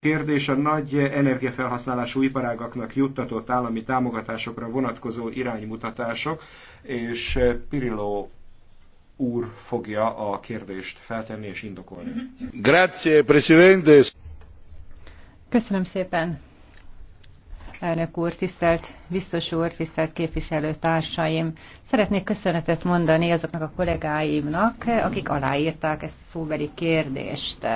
kérdés a nagy energiafelhasználású iparágaknak juttatott állami támogatásokra vonatkozó iránymutatások, és Pirilo úr fogja a kérdést feltenni és indokolni. Grazie, Presidente! Köszönöm szépen, elnök úr, tisztelt biztos úr, tisztelt képviselő társaim! Szeretnék köszönetet mondani azoknak a kollégáimnak, akik aláírták ezt a szóbeli kérdést.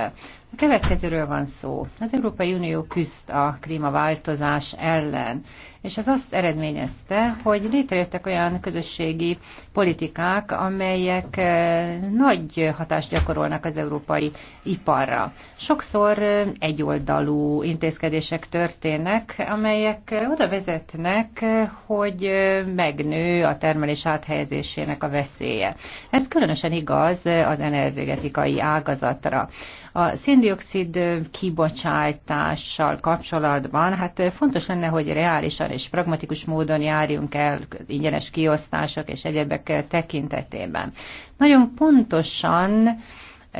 A következőről van szó. Az Európai Unió küzd a klímaváltozás ellen, és ez azt eredményezte, hogy létrejöttek olyan közösségi politikák, amelyek eh, nagy hatást gyakorolnak az európai iparra. Sokszor eh, egyoldalú intézkedések történnek, amelyek eh, oda vezetnek, hogy megnő a termelés áthelyezésének a veszélye. Ez különösen igaz az energetikai ágazatra. A széndiokszid kibocsátással kapcsolatban, hát fontos lenne, hogy reálisan és pragmatikus módon járjunk el ingyenes kiosztások és egyebek tekintetében. Nagyon pontosan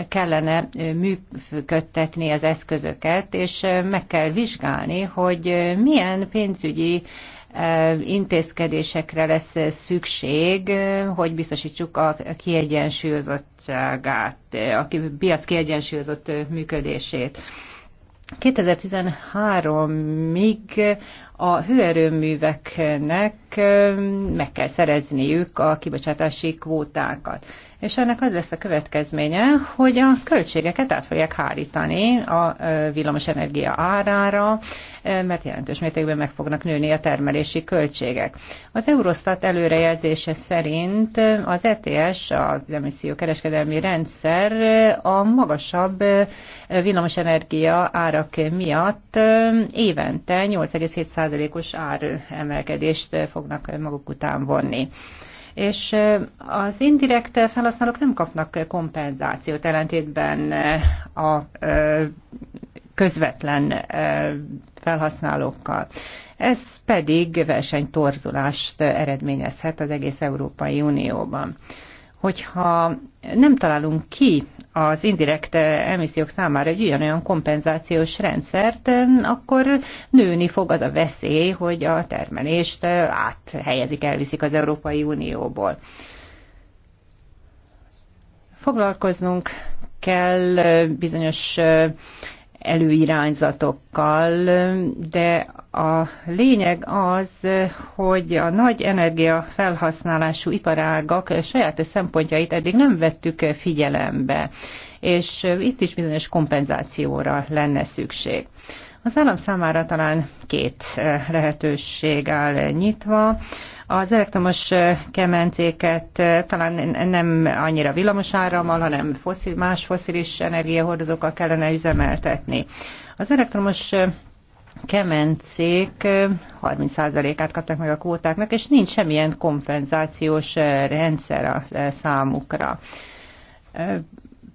kellene működtetni az eszközöket, és meg kell vizsgálni, hogy milyen pénzügyi intézkedésekre lesz szükség, hogy biztosítsuk a kiegyensúlyozottságát, a piac kiegyensúlyozott működését. 2013-ig a hőerőműveknek meg kell szerezniük a kibocsátási kvótákat. És ennek az lesz a következménye, hogy a költségeket át fogják hárítani a villamosenergia árára, mert jelentős mértékben meg fognak nőni a termelési költségek. Az Eurostat előrejelzése szerint az ETS, az kereskedelmi rendszer a magasabb villamosenergia árak miatt évente százalékos ár áremelkedést fognak maguk után vonni és az indirekt felhasználók nem kapnak kompenzációt ellentétben a közvetlen felhasználókkal. Ez pedig versenytorzulást eredményezhet az egész Európai Unióban. Hogyha nem találunk ki az indirekt eh, emissziók számára egy olyan kompenzációs rendszert, eh, akkor nőni fog az a veszély, hogy a termelést eh, áthelyezik, elviszik az Európai Unióból. Foglalkoznunk kell bizonyos előirányzatokkal, de a lényeg az, hogy a nagy energia felhasználású iparágak saját szempontjait eddig nem vettük figyelembe, és itt is bizonyos kompenzációra lenne szükség. Az állam számára talán két lehetőség áll nyitva. Az elektromos kemencéket eh, talán nem annyira villamosárammal, hanem foszil, más foszilis energiahordozókkal kellene üzemeltetni. Az elektromos eh, kemencék 30%-át eh, kapták meg a kvótáknak, és nincs semmilyen kompenzációs rendszer a számukra.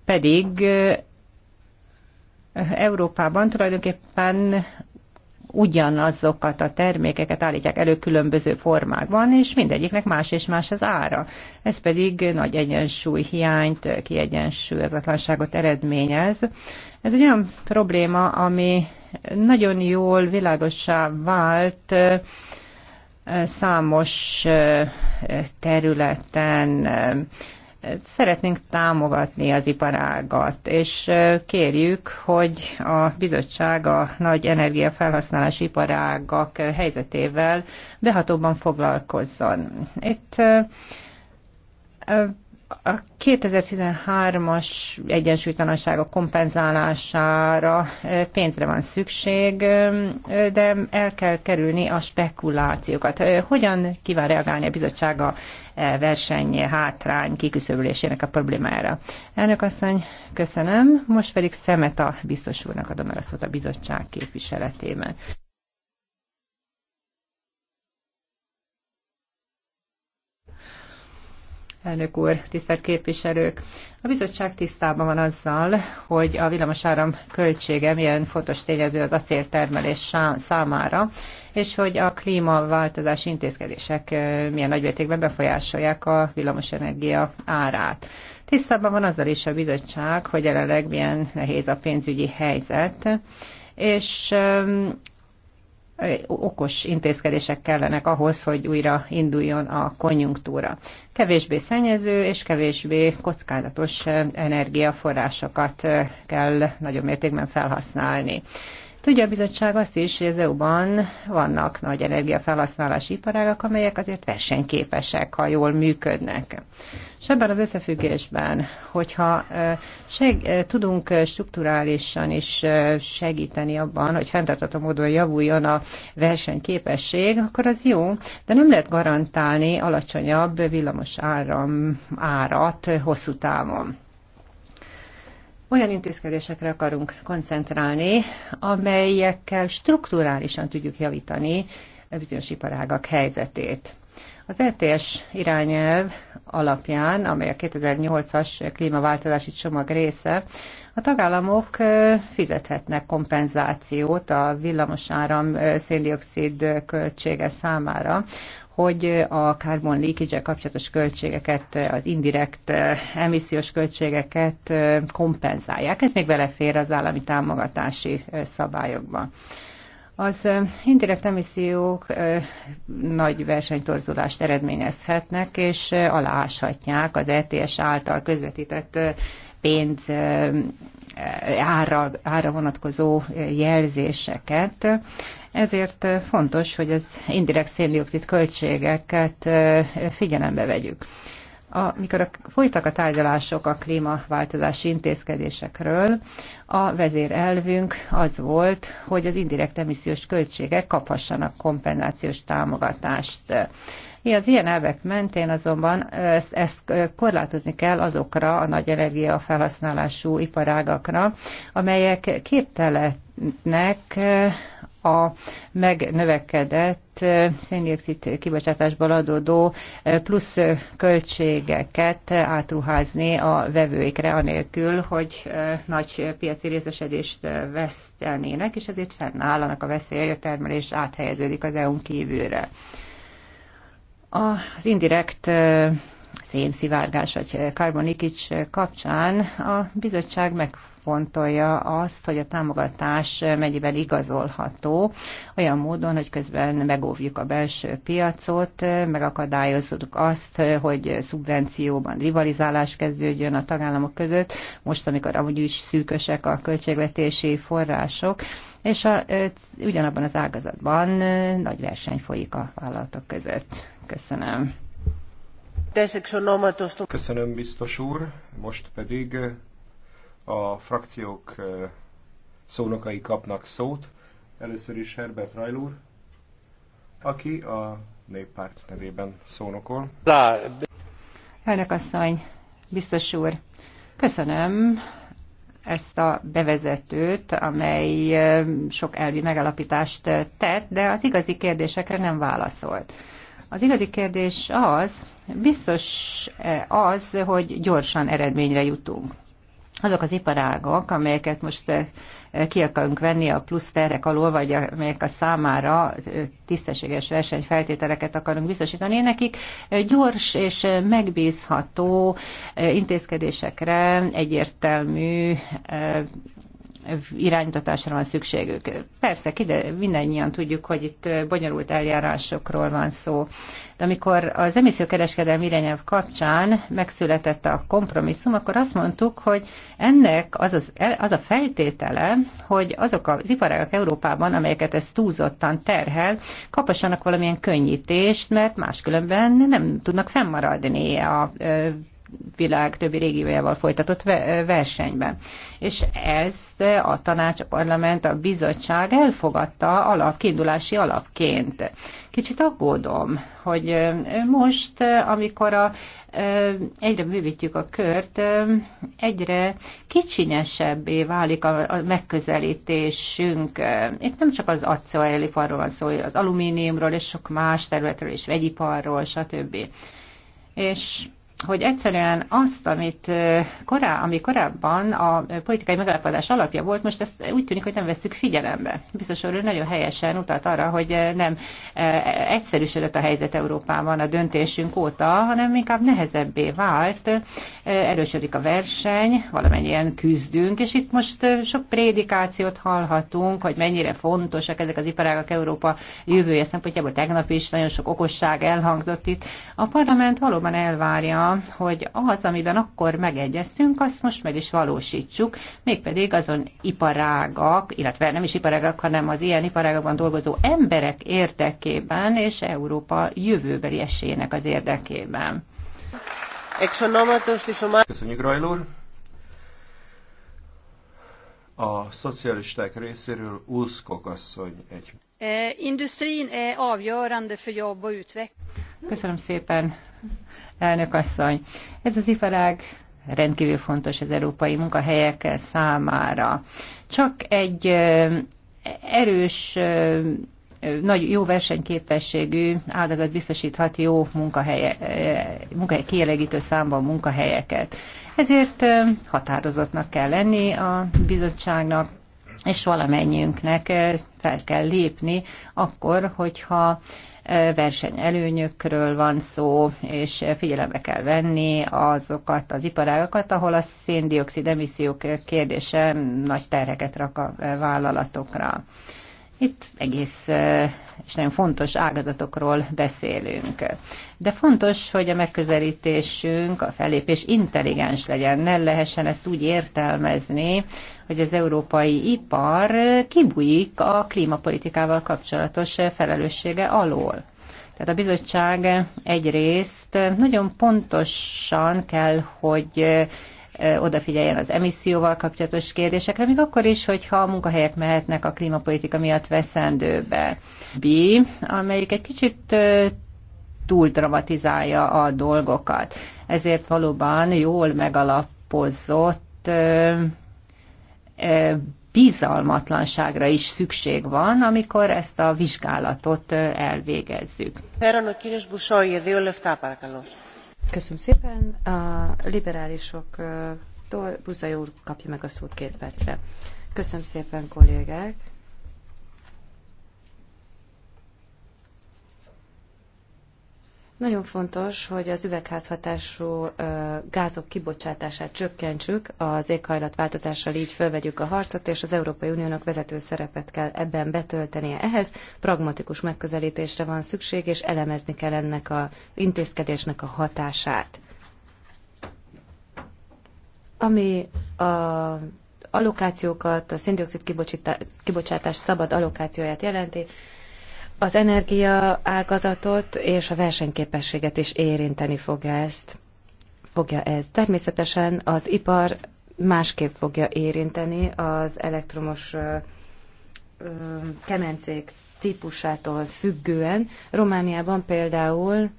Pedig Európában tulajdonképpen ugyanazokat a termékeket állítják elő különböző formákban, és mindegyiknek más és más az ára. Ez pedig nagy egyensúly hiányt, kiegyensúlyozatlanságot eredményez. Ez egy olyan probléma, ami nagyon jól világossá vált számos területen Szeretnénk támogatni az iparágat, és kérjük, hogy a bizottság a nagy energiafelhasználási iparágak helyzetével behatóban foglalkozzon. Itt a 2013-as egyensúly tanulsága kompenzálására pénzre van szükség, de el kell kerülni a spekulációkat. Hogyan kíván reagálni a bizottság a e, verseny hátrány kiküszöbölésének a problémára? Elnök asszony, köszönöm. Most pedig szemet a biztos úrnak adom el a szót a bizottság képviseletében. Elnök úr, tisztelt képviselők! A bizottság tisztában van azzal, hogy a villamosáram költsége milyen fontos tényező az acéltermelés számára, és hogy a klímaváltozás intézkedések milyen nagymértékben befolyásolják a villamosenergia árát. Tisztában van azzal is a bizottság, hogy jelenleg milyen nehéz a pénzügyi helyzet, és okos intézkedések kellenek ahhoz, hogy újra induljon a konjunktúra. Kevésbé szennyező és kevésbé kockázatos energiaforrásokat kell nagyobb mértékben felhasználni. Tudja a bizottság azt is, hogy az EU-ban vannak nagy energiafelhasználási iparágak, amelyek azért versenyképesek, ha jól működnek. És ebben az összefüggésben, hogyha seg, tudunk strukturálisan is segíteni abban, hogy fenntartható módon javuljon a versenyképesség, akkor az jó, de nem lehet garantálni alacsonyabb villamos áram árat hosszú távon olyan intézkedésekre akarunk koncentrálni, amelyekkel strukturálisan tudjuk javítani bizonyos iparágak helyzetét. Az ETS irányelv alapján, amely a 2008-as klímaváltozási csomag része, a tagállamok fizethetnek kompenzációt a villamosáram széndiokszid költsége számára hogy a carbon leakage kapcsolatos költségeket, az indirekt eh, emissziós költségeket eh, kompenzálják. Ez még belefér az állami támogatási eh, szabályokba. Az indirekt emissziók nagy versenytorzulást eredményezhetnek, és aláshatják az ETS által közvetített pénz ára, ára vonatkozó jelzéseket. Ezért fontos, hogy az indirekt széndiokszid költségeket figyelembe vegyük. Amikor a, folytak a tárgyalások a klímaváltozási intézkedésekről, a vezérelvünk az volt, hogy az indirekt emissziós költségek kaphassanak kompenzációs támogatást. Az ilyen elvek mentén azonban ezt, ezt korlátozni kell azokra a nagy energiafelhasználású iparágakra, amelyek képtelenek a megnövekedett széndiokszid kibocsátásból adódó plusz költségeket átruházni a vevőikre, anélkül, hogy nagy piaci részesedést vesztenének, és ezért fennáll annak a veszélye, hogy a termelés áthelyeződik az EU-n kívülre. Az indirekt szénszivárgás vagy karbonikics kapcsán a bizottság megfontolja azt, hogy a támogatás mennyiben igazolható, olyan módon, hogy közben megóvjuk a belső piacot, megakadályozzuk azt, hogy szubvencióban rivalizálás kezdődjön a tagállamok között, most, amikor amúgy is szűkösek a költségvetési források, és a, ugyanabban az ágazatban nagy verseny folyik a vállalatok között. Köszönöm. Köszönöm, biztos úr. Most pedig a frakciók eh, szónokai kapnak szót. Először is Herbert Rajl úr, aki a néppárt nevében szónokol. Elnök asszony, biztos úr, köszönöm ezt a bevezetőt, amely eh, sok elvi megalapítást tett, de az igazi kérdésekre nem válaszolt. Az igazi kérdés az, biztos eh, az, hogy gyorsan eredményre jutunk. Azok az iparágok, amelyeket most eh, ki akarunk venni a plusz terek alól, vagy amelyek a számára eh, tisztességes versenyfeltételeket akarunk biztosítani, nekik gyors és megbízható intézkedésekre egyértelmű iránytatásra van szükségük. Persze, ide, mindannyian tudjuk, hogy itt bonyolult eljárásokról van szó. De amikor az emissziókereskedelmi irányelv kapcsán megszületett a kompromisszum, akkor azt mondtuk, hogy ennek az, az, az a feltétele, hogy azok az iparágak Európában, amelyeket ez túlzottan terhel, kapassanak valamilyen könnyítést, mert máskülönben nem tudnak fennmaradni a világ többi régiójával folytatott versenyben. És ezt a tanács, a parlament, a bizottság elfogadta alap, kiindulási alapként. Kicsit aggódom, hogy most, amikor a egyre bővítjük a kört, egyre kicsinyesebbé válik a megközelítésünk. Itt nem csak az acéliparról van szó, az alumíniumról és sok más területről is, vegyiparról, stb. És hogy egyszerűen azt, amit korá, ami korábban a politikai megállapodás alapja volt, most ezt úgy tűnik, hogy nem veszük figyelembe. Biztos ő nagyon helyesen utalt arra, hogy nem egyszerűsödött a helyzet Európában a döntésünk óta, hanem inkább nehezebbé vált, erősödik a verseny, valamennyien küzdünk, és itt most sok prédikációt hallhatunk, hogy mennyire fontosak ezek az iparágak Európa jövője szempontjából tegnap is nagyon sok okosság elhangzott itt. A parlament valóban elvárja hogy az, amiben akkor megegyeztünk, azt most meg is valósítsuk, mégpedig azon iparágak, illetve nem is iparágak, hanem az ilyen iparágakban dolgozó emberek érdekében és Európa jövőbeli esélyének az érdekében. Köszönjük, Rajl úr! A szocialisták részéről Úszkok asszony egy. Eh, industrin avgörande för jobb och utveckling. Köszönöm szépen, elnök asszony. Ez az iparág rendkívül fontos az európai munkahelyek számára. Csak egy erős nagy jó versenyképességű ágazat biztosíthat jó munkahelye, munkahely kielégítő számban munkahelyeket. Ezért határozottnak kell lenni a bizottságnak, és valamennyiünknek fel kell lépni akkor, hogyha versenyelőnyökről van szó, és figyelembe kell venni azokat az iparágakat, ahol a széndiokszid emissziók kérdése nagy terheket rak a vállalatokra. Itt egész és nagyon fontos ágazatokról beszélünk. De fontos, hogy a megközelítésünk, a fellépés intelligens legyen, ne lehessen ezt úgy értelmezni, hogy az európai ipar kibújik a klímapolitikával kapcsolatos felelőssége alól. Tehát a bizottság egyrészt nagyon pontosan kell, hogy odafigyeljen az emisszióval kapcsolatos kérdésekre, még akkor is, hogyha a munkahelyek mehetnek a klímapolitika miatt veszendőbe. B, amelyik egy kicsit túl dramatizálja a dolgokat. Ezért valóban jól megalapozott bizalmatlanságra is szükség van, amikor ezt a vizsgálatot elvégezzük. Köszönöm szépen. A liberálisok Buzai úr kapja meg a szót két percre. Köszönöm szépen, kollégák. Nagyon fontos, hogy az üvegházhatású gázok kibocsátását csökkentsük, az éghajlatváltozással így fölvegyük a harcot, és az Európai Uniónak vezető szerepet kell ebben betöltenie. Ehhez pragmatikus megközelítésre van szükség, és elemezni kell ennek az intézkedésnek a hatását. Ami a allokációkat, a széndiokszid kibocsátás szabad allokációját jelenti, az energia ágazatot és a versenyképességet is érinteni fogja ezt. Fogja ez. Természetesen az ipar másképp fogja érinteni az elektromos kemencék típusától függően. Romániában például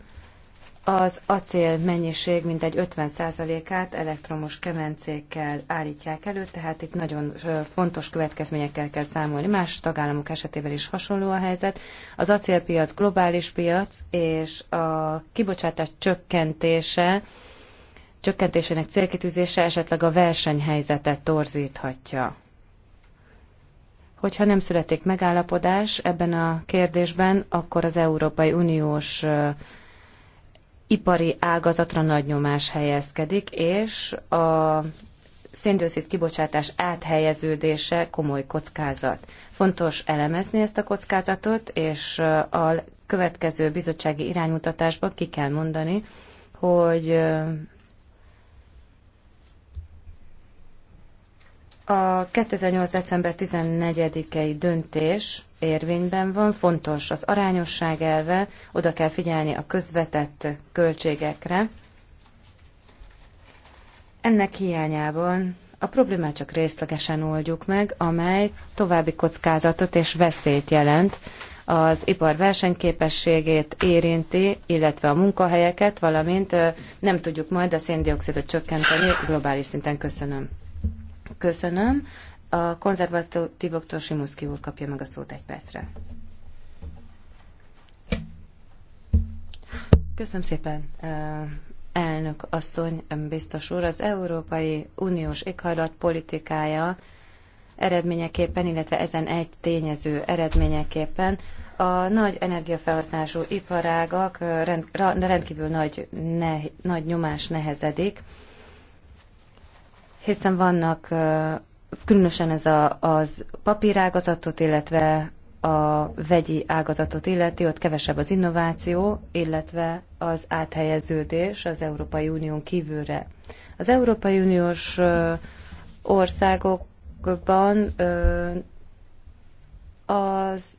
az acél mennyiség mintegy 50%-át elektromos kemencékkel állítják elő, tehát itt nagyon fontos következményekkel kell számolni. Más tagállamok esetében is hasonló a helyzet. Az acélpiac globális piac, és a kibocsátás csökkentése, csökkentésének célkitűzése esetleg a versenyhelyzetet torzíthatja hogyha nem születik megállapodás ebben a kérdésben, akkor az Európai Uniós ipari ágazatra nagy nyomás helyezkedik, és a széndiokszid kibocsátás áthelyeződése komoly kockázat. Fontos elemezni ezt a kockázatot, és a következő bizottsági iránymutatásban ki kell mondani, hogy A 2008. december 14-i döntés érvényben van, fontos az arányosság elve, oda kell figyelni a közvetett költségekre. Ennek hiányában a problémát csak részlegesen oldjuk meg, amely további kockázatot és veszélyt jelent, az ipar versenyképességét érinti, illetve a munkahelyeket, valamint nem tudjuk majd a széndiokszidot csökkenteni globális szinten. Köszönöm. Köszönöm. A konzervatívoktól Simuszki úr kapja meg a szót egy percre. Köszönöm szépen, elnök asszony, biztos úr. Az Európai Uniós éghajlat politikája eredményeképpen, illetve ezen egy tényező eredményeképpen a nagy energiafelhasználású iparágak rendkívül nagy, ne, nagy nyomás nehezedik hiszen vannak, különösen ez a, az papírágazatot, illetve a vegyi ágazatot illeti, ott kevesebb az innováció, illetve az áthelyeződés az Európai Unión kívülre. Az Európai Uniós országokban az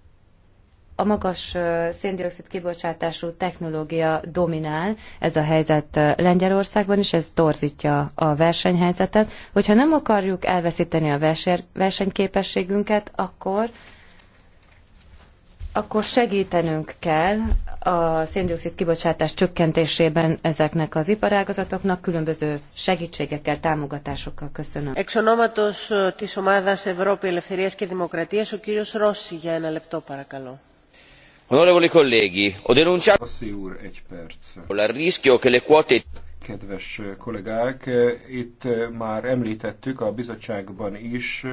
a magas széndiokszid kibocsátású technológia dominál, ez a helyzet Lengyelországban is, ez torzítja a versenyhelyzetet. Hogyha nem akarjuk elveszíteni a versenyképességünket, akkor akkor segítenünk kell a széndiokszid kibocsátás csökkentésében ezeknek az iparágazatoknak különböző segítségekkel, támogatásokkal köszönöm. Εξ ονόματος Európai ομάδας Ευρώπη Ελευθερίας και Δημοκρατίας, ο κύριος Onorevoli colleghi, ho denunciato il rischio che le quote kedves kollégák, itt már említettük a bizottságban is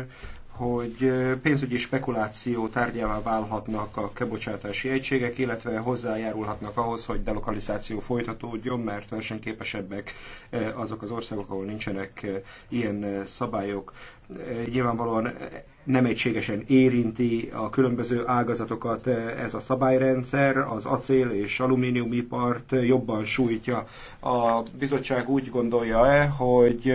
hogy pénzügyi spekuláció tárgyává válhatnak a kebocsátási egységek, illetve hozzájárulhatnak ahhoz, hogy delokalizáció folytatódjon, mert versenyképesebbek azok az országok, ahol nincsenek ilyen szabályok. Nyilvánvalóan nem egységesen érinti a különböző ágazatokat ez a szabályrendszer, az acél és alumíniumipart jobban sújtja. A bizottság úgy gondolja-e, hogy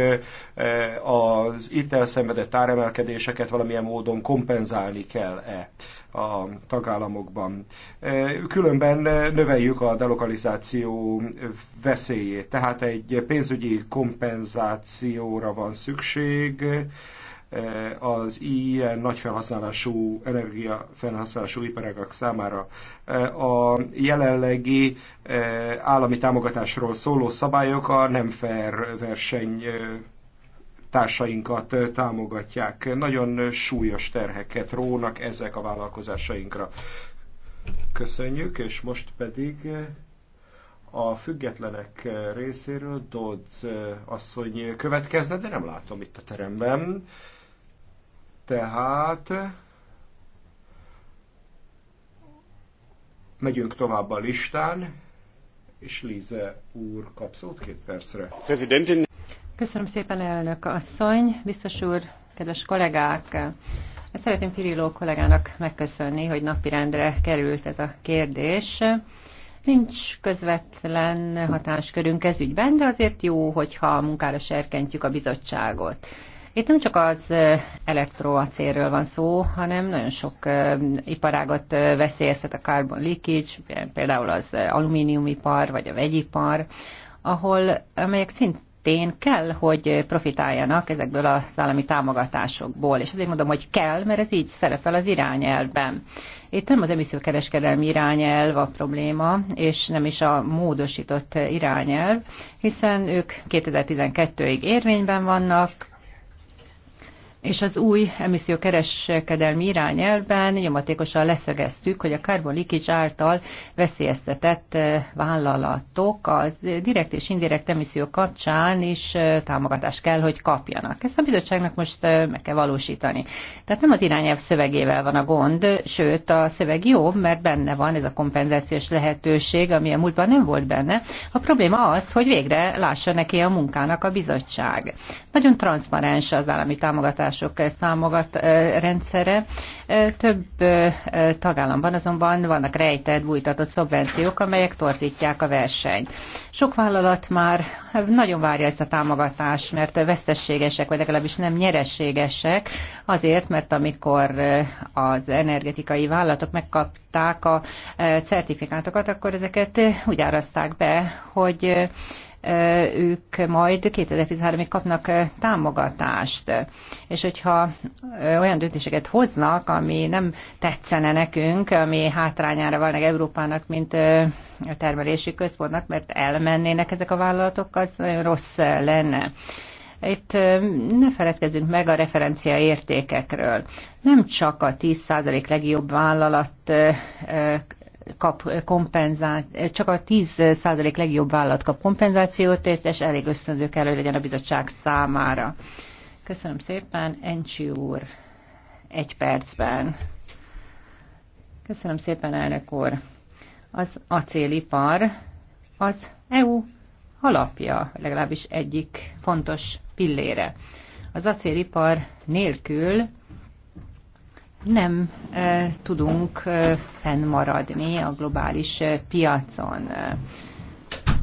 az itt elszenvedett áremelkedéseket valamilyen módon kompenzálni kell-e a tagállamokban. E, különben növeljük a delokalizáció veszélyét, tehát egy pénzügyi kompenzációra van szükség, e, az ilyen nagy felhasználású energia felhasználású iparágak számára. E, a jelenlegi állami támogatásról szóló szabályok a nem fair verseny társainkat támogatják. Nagyon súlyos terheket rónak ezek a vállalkozásainkra. Köszönjük, és most pedig a függetlenek részéről Dodz asszony következne, de nem látom itt a teremben. Tehát megyünk tovább a listán, és Lize úr kap szót két percre. Prezidentin. Köszönöm szépen, elnök asszony, biztos úr, kedves kollégák! Szeretném Piriló kollégának megköszönni, hogy napirendre került ez a kérdés. Nincs közvetlen hatáskörünk ez ügyben, de azért jó, hogyha a munkára serkentjük a bizottságot. Itt nem csak az elektroacérről van szó, hanem nagyon sok iparágat veszélyeztet a carbon leakage, például az alumíniumipar vagy a vegyipar, ahol, amelyek szint esetén kell, hogy profitáljanak ezekből az állami támogatásokból. És azért mondom, hogy kell, mert ez így szerepel az irányelvben. Itt nem az emisszőkereskedelmi irányelv a probléma, és nem is a módosított irányelv, hiszen ők 2012-ig érvényben vannak, és az új emissziókereskedelmi irányelvben nyomatékosan leszögeztük, hogy a carbon leakage által veszélyeztetett eh, vállalatok az direkt és indirekt emisszió kapcsán is eh, támogatást kell, hogy kapjanak. Ezt a bizottságnak most eh, meg kell valósítani. Tehát nem az irányelv szövegével van a gond, sőt a szöveg jó, mert benne van ez a kompenzációs lehetőség, ami a múltban nem volt benne. A probléma az, hogy végre lássa neki a munkának a bizottság. Nagyon transzparens az állami támogatás támogatások eh, számogat eh, rendszere. Eh, több tagállamban azonban vannak rejtett, bújtatott szubvenciók, amelyek torzítják a versenyt. Sok vállalat már nagyon várja ezt a támogatást, mert vesztességesek, vagy legalábbis nem nyereségesek, azért, mert amikor az energetikai vállalatok megkapták a certifikátokat, akkor ezeket úgy árazták be, hogy ők majd 2013-ig kapnak támogatást. És hogyha olyan döntéseket hoznak, ami nem tetszene nekünk, ami hátrányára van Európának, mint a termelési központnak, mert elmennének ezek a vállalatok, az nagyon rossz lenne. Itt ne feledkezzünk meg a referencia értékekről. Nem csak a 10% legjobb vállalat kap kompenzációt, csak a 10% legjobb vállalat kap kompenzációt, és elég ösztönző kell, hogy legyen a bizottság számára. Köszönöm szépen, Encsi úr, egy percben. Köszönöm szépen, elnök úr. Az acélipar az EU alapja, legalábbis egyik fontos pillére. Az acélipar nélkül nem tudunk fennmaradni a globális piacon.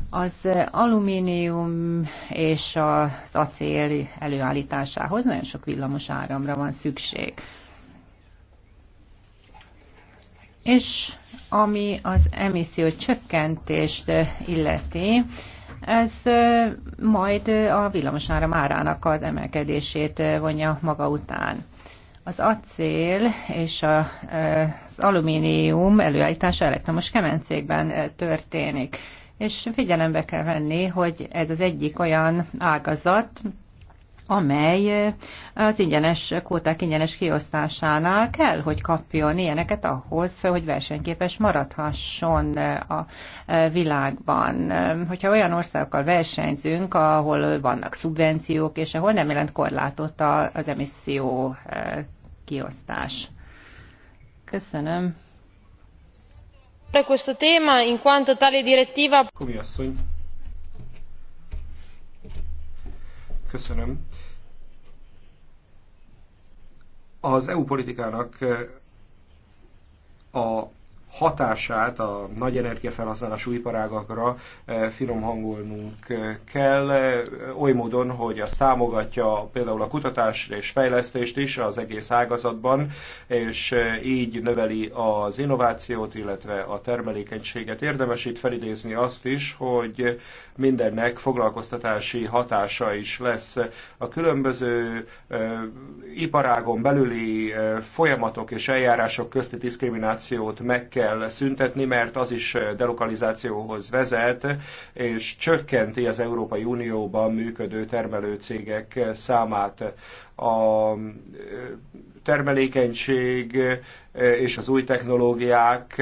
Az alumínium és az acél előállításához nagyon sok villamos áramra van szükség. És ami az emisszió csökkentést illeti, ez majd a villamosáram árának az emelkedését vonja maga után. Az acél és a, az alumínium előállítása elektromos kemencékben történik. És figyelembe kell venni, hogy ez az egyik olyan ágazat, amely az ingyenes kóták ingyenes kiosztásánál kell, hogy kapjon ilyeneket ahhoz, hogy versenyképes maradhasson a világban. Hogyha olyan országokkal versenyzünk, ahol vannak szubvenciók, és ahol nem jelent korlátot az emisszió kiosztás. Köszönöm. Questo tema, in quanto tale direttiva... Köszönöm. Az EU politikának eh, a hatását a nagy energiafelhasználású iparágakra e, finomhangolnunk e, kell, e, oly módon, hogy az támogatja például a kutatást és fejlesztést is az egész ágazatban, és így növeli az innovációt, illetve a termelékenységet. Érdemes itt felidézni azt is, hogy mindennek foglalkoztatási hatása is lesz. A különböző iparágon belüli folyamatok és eljárások közti diszkriminációt meg kell kell szüntetni, mert az is delokalizációhoz vezet, és csökkenti az Európai Unióban működő termelőcégek számát. A termelékenység és az új technológiák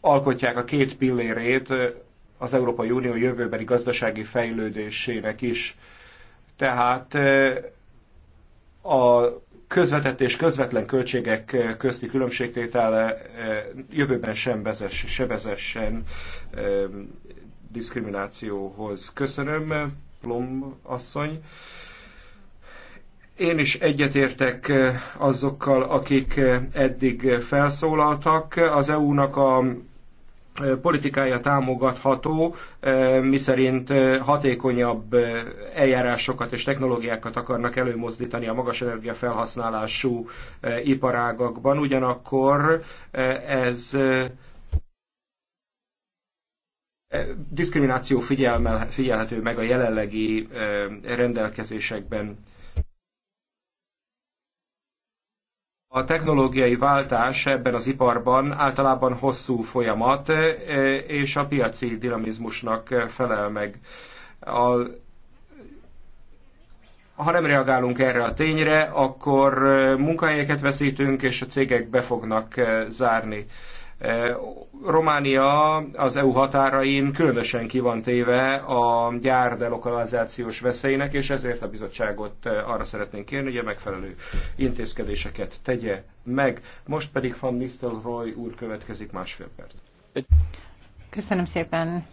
alkotják a két pillérét az Európai Unió jövőbeni gazdasági fejlődésének is. Tehát a közvetett és közvetlen költségek eh, közti különbségtétele eh, jövőben sem vezess, se vezessen eh, diszkriminációhoz. Köszönöm, Plom asszony. Én is egyetértek azokkal, akik eddig felszólaltak. Az EU-nak a politikája támogatható, miszerint hatékonyabb eljárásokat és technológiákat akarnak előmozdítani a magas energia felhasználású iparágakban. Ugyanakkor ez diszkrimináció figyelhető meg a jelenlegi rendelkezésekben. a technológiai váltás ebben az iparban általában hosszú folyamat, e, és a piaci dinamizmusnak felel meg. A, ha nem reagálunk erre a tényre, akkor e, munkahelyeket veszítünk, és a cégek be fognak e, zárni. Románia az EU határain különösen ki van téve a gyár delokalizációs veszélynek, és ezért a bizottságot arra szeretnénk kérni, hogy a megfelelő intézkedéseket tegye meg. Most pedig Van Nistelrooy úr következik másfél perc. Köszönöm szépen,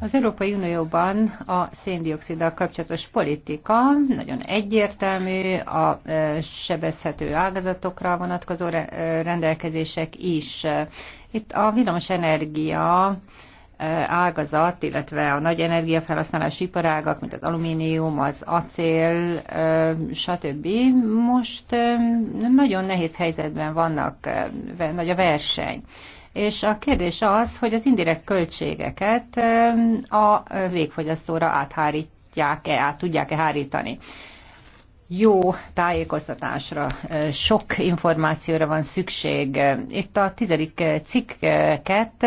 az Európai Unióban a széndioksziddal kapcsolatos politika nagyon egyértelmű, a e, sebezhető ágazatokra vonatkozó e, rendelkezések is. Itt a villamos energia e, ágazat, illetve a nagy energiafelhasználási iparágak, mint az alumínium, az acél, stb. Most nagyon nehéz helyzetben vannak, nagy a verseny és a kérdés az, hogy az indirekt költségeket a végfogyasztóra áthárítják-e, át tudják-e hárítani jó tájékoztatásra, sok információra van szükség. Itt a tizedik cikket,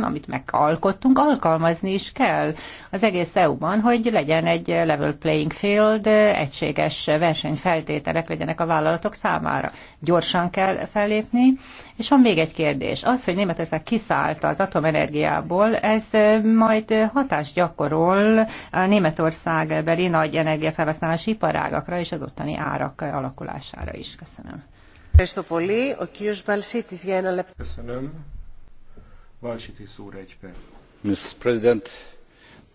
amit megalkottunk, alkalmazni is kell az egész EU-ban, hogy legyen egy level playing field, egységes versenyfeltételek legyenek a vállalatok számára. Gyorsan kell fellépni, és van még egy kérdés. Az, hogy Németország kiszállt az atomenergiából, ez majd hatást gyakorol a Németország beli nagy energiafelhasználási iparágakra és az ottani árak alakulására is. Köszönöm. Köszönöm. Valsitis úr egy perc. Mr. President,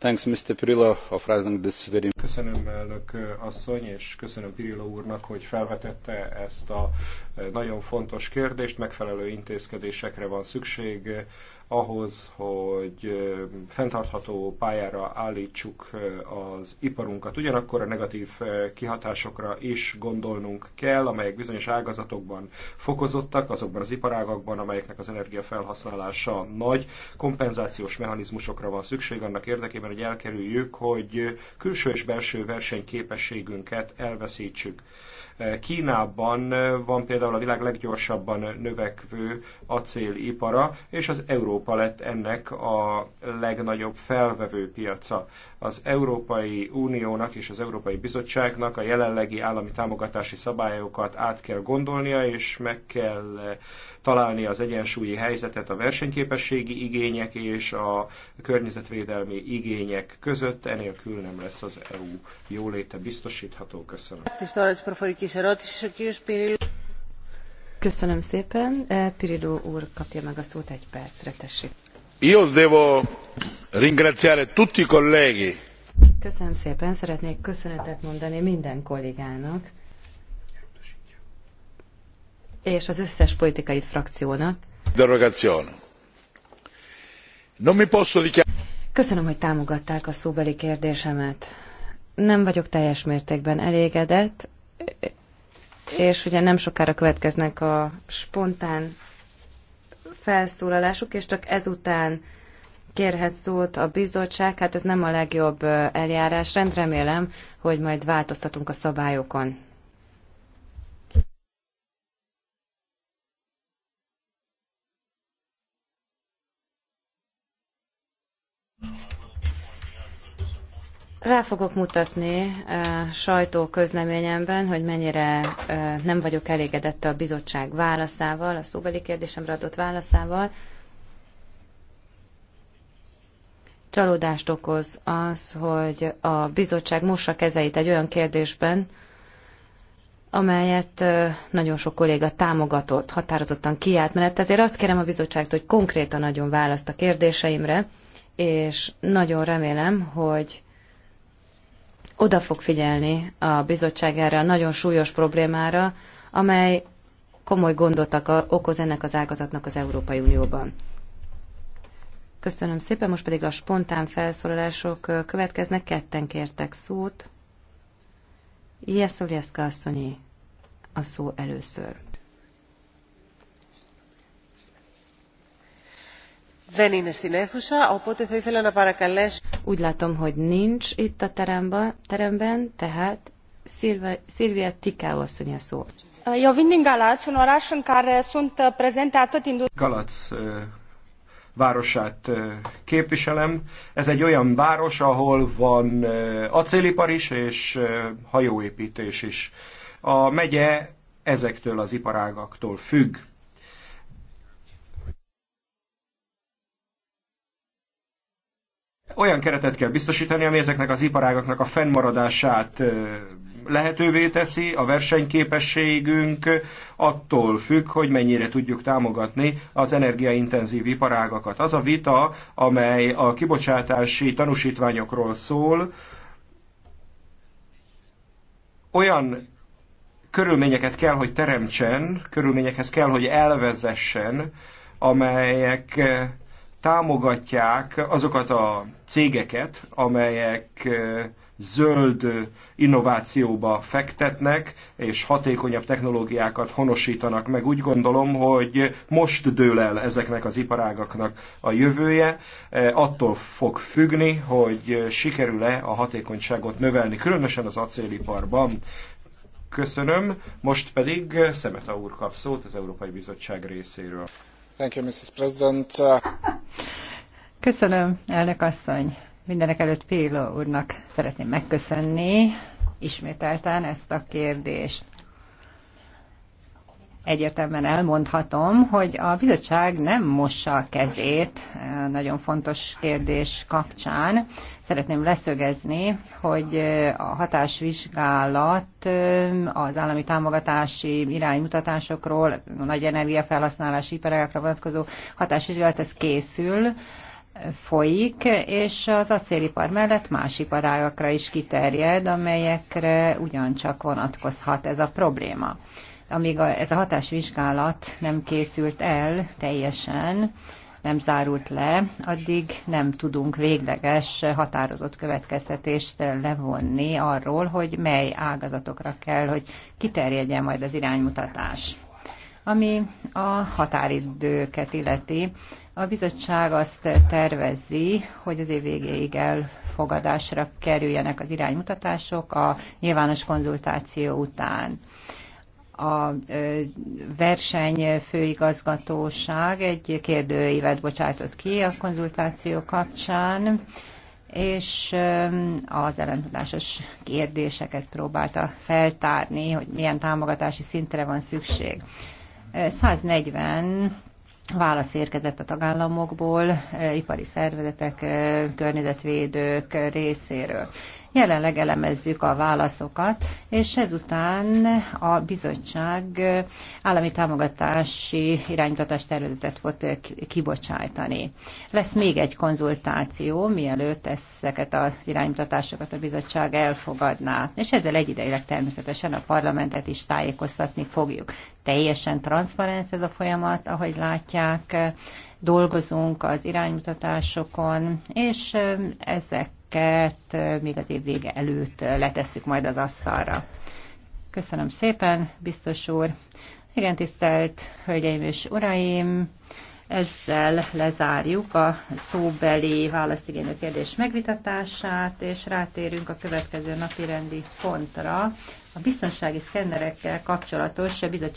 Thanks, Mr. Pirillo, of raising this very... Köszönöm, elnök eh, asszony, és köszönöm Pirillo úrnak, hogy felvetette ezt a eh, nagyon fontos kérdést. Megfelelő intézkedésekre van szükség eh, ahhoz, hogy fenntartható pályára állítsuk az iparunkat. Ugyanakkor a negatív kihatásokra is gondolnunk kell, amelyek bizonyos ágazatokban fokozottak, azokban az iparágakban, amelyeknek az energiafelhasználása nagy, kompenzációs mechanizmusokra van szükség annak érdekében, hogy elkerüljük, hogy külső és belső versenyképességünket elveszítsük. Kínában van például a világ leggyorsabban növekvő acélipara, és az Európa Európa lett ennek a legnagyobb felvevő piaca. Az Európai Uniónak és az Európai Bizottságnak a jelenlegi állami támogatási szabályokat át kell gondolnia, és meg kell találni az egyensúlyi helyzetet a versenyképességi igények és a környezetvédelmi igények között. Enélkül nem lesz az EU jóléte biztosítható. Köszönöm. Köszönöm szépen. Eh, Piridó úr kapja meg a szót egy percre, tessék. Io devo ringraziare tutti i colleghi. Köszönöm szépen, szeretnék köszönetet mondani minden kollégának, és az összes politikai frakciónak. Derogazione. Non mi posso dichiarare. Köszönöm, hogy támogatták a szóbeli kérdésemet. Nem vagyok teljes mértékben elégedett, és ugye nem sokára következnek a spontán felszólalások, és csak ezután kérhet szót a bizottság, hát ez nem a legjobb eljárás. Rend remélem, hogy majd változtatunk a szabályokon. Rá fogok mutatni a közleményemben, hogy mennyire nem vagyok elégedett a bizottság válaszával, a szóbeli kérdésemre adott válaszával. Csalódást okoz az, hogy a bizottság mossa kezeit egy olyan kérdésben, amelyet nagyon sok kolléga támogatott, határozottan kiállt mellett. Ezért azt kérem a bizottságtól, hogy konkrétan adjon választ a kérdéseimre, és nagyon remélem, hogy oda fog figyelni a bizottság erre a nagyon súlyos problémára, amely komoly gondot okoz ennek az ágazatnak az Európai Unióban. Köszönöm szépen, most pedig a spontán felszólalások következnek, ketten kértek szót. Jeszoleszka asszonyi a szó először. Δεν είναι στην αίθουσα, οπότε θα ήθελα να παρακαλέσω... Úgy látom, hogy nincs itt a teremben, teremben tehát Szilvia Tikáó asszony a szó. Jó, vin Galac, Galați, un oraș în care sunt uh, prezente atât uh, városát uh, képviselem. Ez egy olyan város, ahol van acélipar is, és hajóépítés is. A megye ezektől az iparágaktól függ. olyan keretet kell biztosítani, ami ezeknek az iparágaknak a fennmaradását lehetővé teszi, a versenyképességünk attól függ, hogy mennyire tudjuk támogatni az energiaintenzív iparágakat. Az a vita, amely a kibocsátási tanúsítványokról szól, olyan körülményeket kell, hogy teremtsen, körülményekhez kell, hogy elvezessen, amelyek támogatják azokat a cégeket, amelyek zöld innovációba fektetnek, és hatékonyabb technológiákat honosítanak meg. Úgy gondolom, hogy most dől el ezeknek az iparágaknak a jövője, attól fog függni, hogy sikerül-e a hatékonyságot növelni, különösen az acéliparban. Köszönöm, most pedig Szemeta úr kap szót az Európai Bizottság részéről. Köszönöm, elnök asszony. Mindenek előtt Pirilo úrnak szeretném megköszönni ismételten ezt a kérdést egyértelműen elmondhatom, hogy a bizottság nem mossa a kezét eh, nagyon fontos kérdés kapcsán. Szeretném leszögezni, hogy eh, a hatásvizsgálat eh, az állami támogatási iránymutatásokról, a nagy energiafelhasználási iparágakra vonatkozó hatásvizsgálat, ez készül, folyik, és az acélipar mellett más iparágakra is kiterjed, amelyekre ugyancsak vonatkozhat ez a probléma amíg a, ez a hatásvizsgálat nem készült el teljesen, nem zárult le, addig nem tudunk végleges, határozott következtetést levonni arról, hogy mely ágazatokra kell, hogy kiterjedjen majd az iránymutatás. Ami a határidőket illeti, a bizottság azt tervezi, hogy az év végéig elfogadásra kerüljenek az iránymutatások a nyilvános konzultáció után a versenyfőigazgatóság egy kérdőívet bocsátott ki a konzultáció kapcsán, és az ellentmondásos kérdéseket próbálta feltárni, hogy milyen támogatási szintre van szükség. 140 válasz érkezett a tagállamokból, ipari szervezetek, környezetvédők részéről. Jelenleg elemezzük a válaszokat, és ezután a bizottság állami támogatási iránytatás tervezetet fog kibocsájtani. Lesz még egy konzultáció, mielőtt ezeket az iránymutatásokat a bizottság elfogadná, és ezzel egyidejileg természetesen a parlamentet is tájékoztatni fogjuk. Teljesen transzparens ez a folyamat, ahogy látják, dolgozunk az iránymutatásokon, és ezek ezeket még az év vége előtt letesszük majd az asztalra. Köszönöm szépen, biztos úr. Igen, tisztelt Hölgyeim és Uraim! Ezzel lezárjuk a szóbeli válaszigénylő kérdés megvitatását, és rátérünk a következő napi rendi pontra. A biztonsági szkennerekkel kapcsolatos bizottság